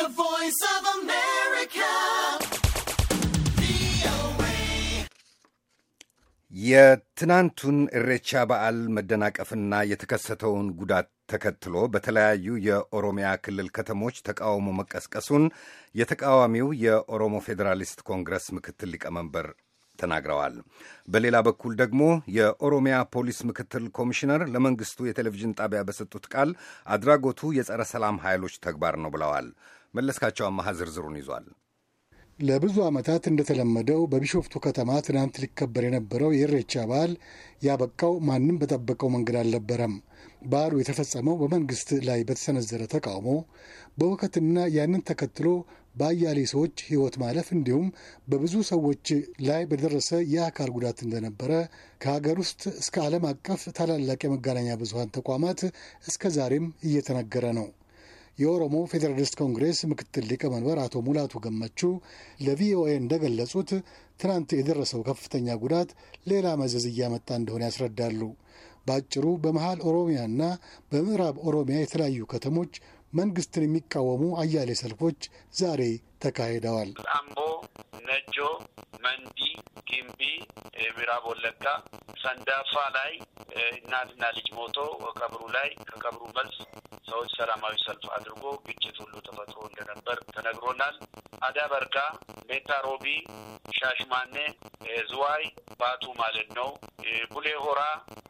The Voice of America. የትናንቱን እሬቻ በዓል መደናቀፍና የተከሰተውን ጉዳት ተከትሎ በተለያዩ የኦሮሚያ ክልል ከተሞች ተቃውሞ መቀስቀሱን የተቃዋሚው የኦሮሞ ፌዴራሊስት ኮንግረስ ምክትል ሊቀመንበር ተናግረዋል። በሌላ በኩል ደግሞ የኦሮሚያ ፖሊስ ምክትል ኮሚሽነር ለመንግስቱ የቴሌቪዥን ጣቢያ በሰጡት ቃል አድራጎቱ የጸረ ሰላም ኃይሎች ተግባር ነው ብለዋል። መለስካቸው አማሃ ዝርዝሩን ይዟል። ለብዙ ዓመታት እንደተለመደው በቢሾፍቱ ከተማ ትናንት ሊከበር የነበረው የእሬቻ በዓል ያበቃው ማንም በጠበቀው መንገድ አልነበረም። በዓሉ የተፈጸመው በመንግስት ላይ በተሰነዘረ ተቃውሞ፣ በውከትና ያንን ተከትሎ በአያሌ ሰዎች ሕይወት ማለፍ እንዲሁም በብዙ ሰዎች ላይ በደረሰ የአካል ጉዳት እንደነበረ ከሀገር ውስጥ እስከ ዓለም አቀፍ ታላላቅ የመገናኛ ብዙሀን ተቋማት እስከ ዛሬም እየተነገረ ነው። የኦሮሞ ፌዴራሊስት ኮንግሬስ ምክትል ሊቀመንበር አቶ ሙላቱ ገመቹ ለቪኦኤ እንደገለጹት ትናንት የደረሰው ከፍተኛ ጉዳት ሌላ መዘዝ እያመጣ እንደሆነ ያስረዳሉ። በአጭሩ በመሃል ኦሮሚያና በምዕራብ ኦሮሚያ የተለያዩ ከተሞች መንግስትን የሚቃወሙ አያሌ ሰልፎች ዛሬ ተካሂደዋል። አምቦ፣ ነጆ፣ መንዲ፣ ጊምቢ፣ ምዕራብ ወለጋ፣ ሰንዳፋ ላይ እናትና ልጅ ሞቶ ቀብሩ ላይ ከቀብሩ መልስ ሰዎች ሰላማዊ ሰልፍ አድርጎ ግጭት ሁሉ ተፈጥሮ እንደነበር ተነግሮናል። አዳ በርዳ፣ ሜታ ሮቢ፣ ሻሽማኔ፣ ዝዋይ፣ ባቱ ማለት ነው። ቡሌ ሆራ፣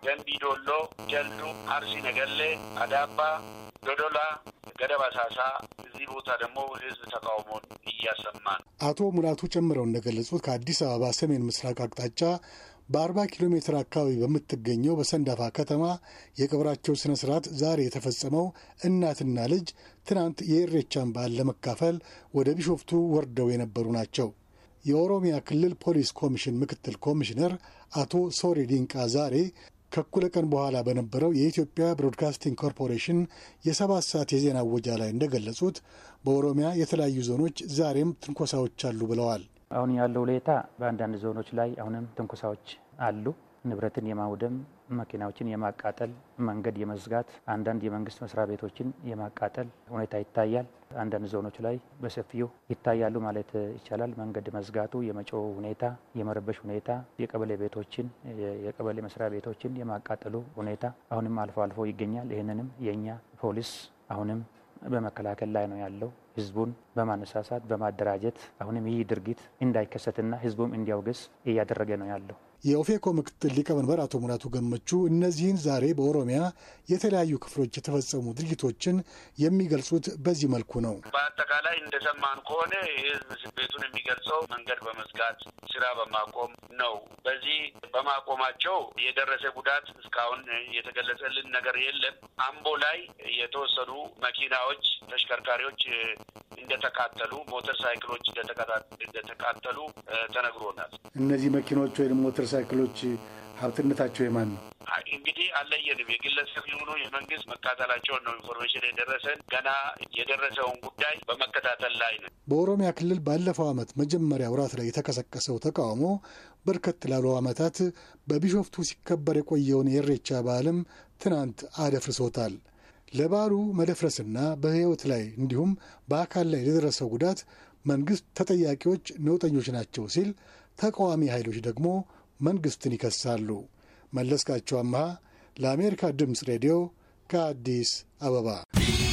ደንቢ ዶሎ፣ ጀልዱ፣ አርሲ ነገሌ፣ አዳባ፣ ዶዶላ፣ ሳሳ እዚህ ቦታ ደግሞ ህዝብ ተቃውሞን እያሰማ ነው። አቶ ሙላቱ ጨምረው እንደገለጹት ከአዲስ አበባ ሰሜን ምስራቅ አቅጣጫ በ40 ኪሎ ሜትር አካባቢ በምትገኘው በሰንዳፋ ከተማ የቅብራቸው ስነ ስርዓት ዛሬ የተፈጸመው እናትና ልጅ ትናንት የኢሬቻን በዓል ለመካፈል ወደ ቢሾፍቱ ወርደው የነበሩ ናቸው። የኦሮሚያ ክልል ፖሊስ ኮሚሽን ምክትል ኮሚሽነር አቶ ሶሪ ዲንቃ ዛሬ ከእኩለ ቀን በኋላ በነበረው የኢትዮጵያ ብሮድካስቲንግ ኮርፖሬሽን የሰባት ሰዓት የዜና አወጃ ላይ እንደገለጹት በኦሮሚያ የተለያዩ ዞኖች ዛሬም ትንኮሳዎች አሉ ብለዋል። አሁን ያለው ሁኔታ በአንዳንድ ዞኖች ላይ አሁንም ትንኩሳዎች አሉ። ንብረትን የማውደም መኪናዎችን የማቃጠል መንገድ የመዝጋት አንዳንድ የመንግስት መስሪያ ቤቶችን የማቃጠል ሁኔታ ይታያል። አንዳንድ ዞኖች ላይ በሰፊው ይታያሉ ማለት ይቻላል። መንገድ መዝጋቱ፣ የመጮ ሁኔታ፣ የመረበሽ ሁኔታ፣ የቀበሌ ቤቶችን የቀበሌ መስሪያ ቤቶችን የማቃጠሉ ሁኔታ አሁንም አልፎ አልፎ ይገኛል። ይህንንም የእኛ ፖሊስ አሁንም በመከላከል ላይ ነው ያለው። ህዝቡን በማነሳሳት በማደራጀት አሁንም ይህ ድርጊት እንዳይከሰትና ህዝቡም እንዲያውግስ እያደረገ ነው ያለው። የኦፌኮ ምክትል ሊቀመንበር አቶ ሙላቱ ገመቹ እነዚህን ዛሬ በኦሮሚያ የተለያዩ ክፍሎች የተፈጸሙ ድርጊቶችን የሚገልጹት በዚህ መልኩ ነው። በአጠቃላይ እንደሰማን ከሆነ የህዝብ ቤቱን የሚገልጸው መንገድ በመዝጋት ስራ በማቆም ነው። በዚህ በማቆማቸው የደረሰ ጉዳት እስካሁን የተገለጸልን ነገር የለም። አምቦ ላይ የተወሰኑ መኪናዎች ተሽከርካሪዎች እንደተቃጠሉ፣ ሞተር ሳይክሎች እንደተቃጠሉ ተነግሮናል። እነዚህ መኪኖች ወይም ሞተር ሳይክሎች ሀብትነታቸው የማን ነው? እንግዲህ አለየንም። የግለሰብ የሆኑ የመንግስት መቃጠላቸውን ነው ኢንፎርሜሽን የደረሰን። ገና የደረሰውን ጉዳይ በመከታተል ላይ ነው። በኦሮሚያ ክልል ባለፈው ዓመት መጀመሪያ ውራት ላይ የተቀሰቀሰው ተቃውሞ በርከት ላሉ ዓመታት በቢሾፍቱ ሲከበር የቆየውን የሬቻ በዓልም ትናንት አደፍርሶታል። ለባሉ መደፍረስና በሕይወት ላይ እንዲሁም በአካል ላይ ለደረሰው ጉዳት መንግስት ተጠያቂዎች ነውጠኞች ናቸው ሲል ተቃዋሚ ኃይሎች ደግሞ መንግስትን ይከሳሉ። መለስካቸው አምሃ ለአሜሪካ ድምፅ ሬዲዮ ከአዲስ አበባ